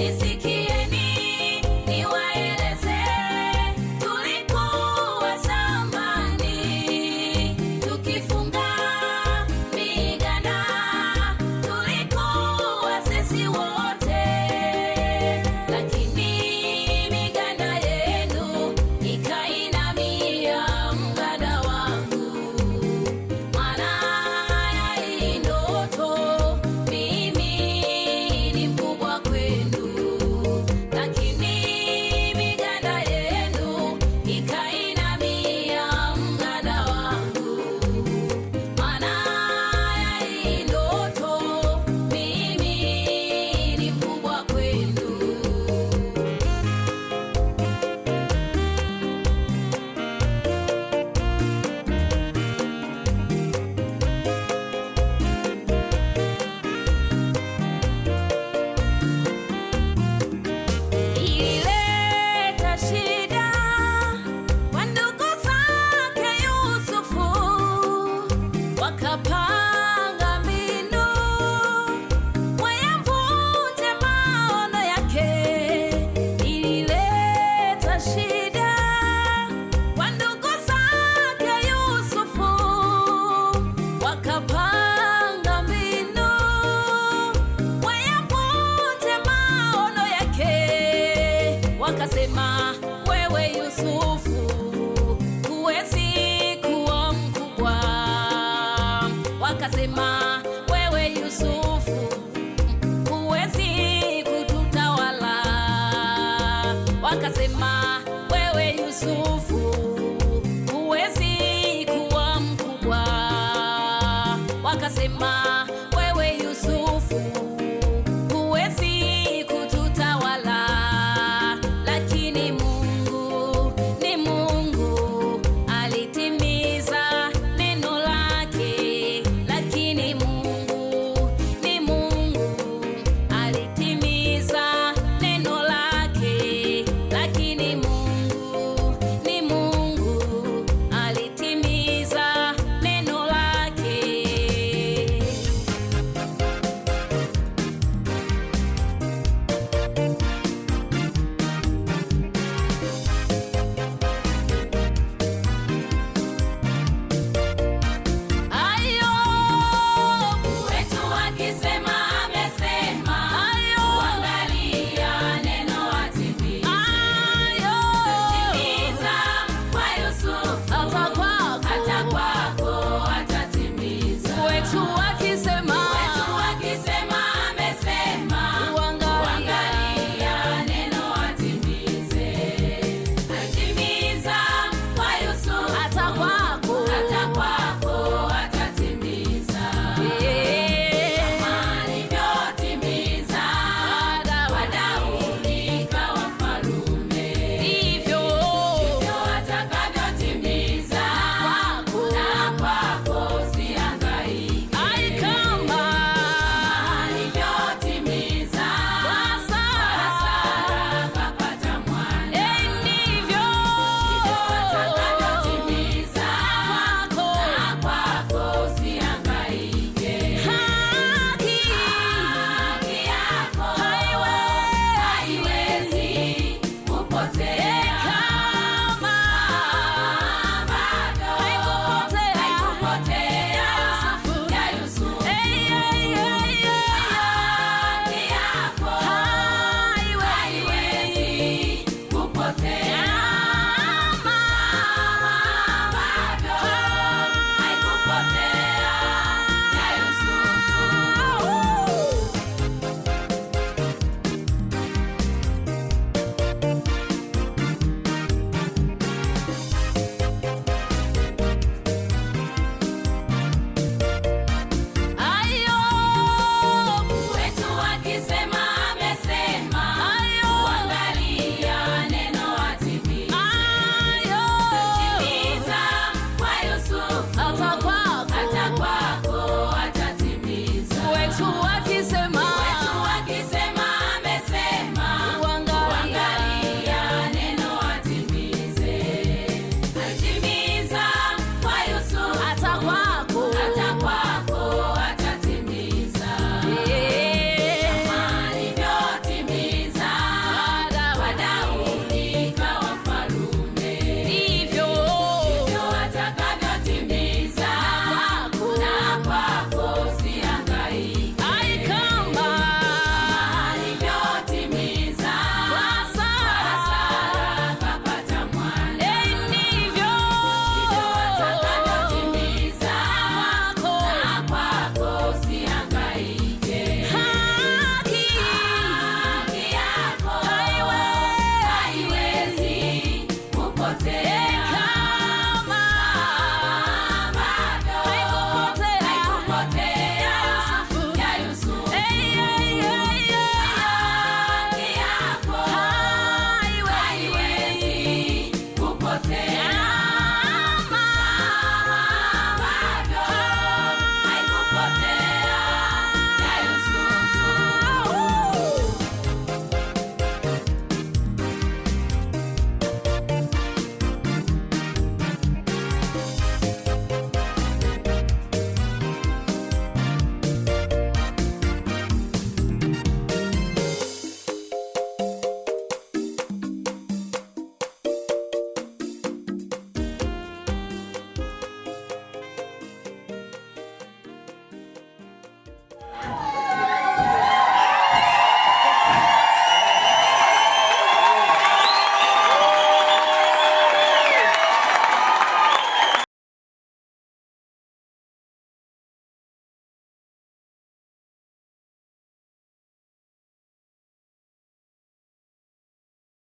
Is it wakasema, wewe Yusufu huwezi kuwa mkubwa, wakasema, wewe Yusufu huwezi kututawala, wakasema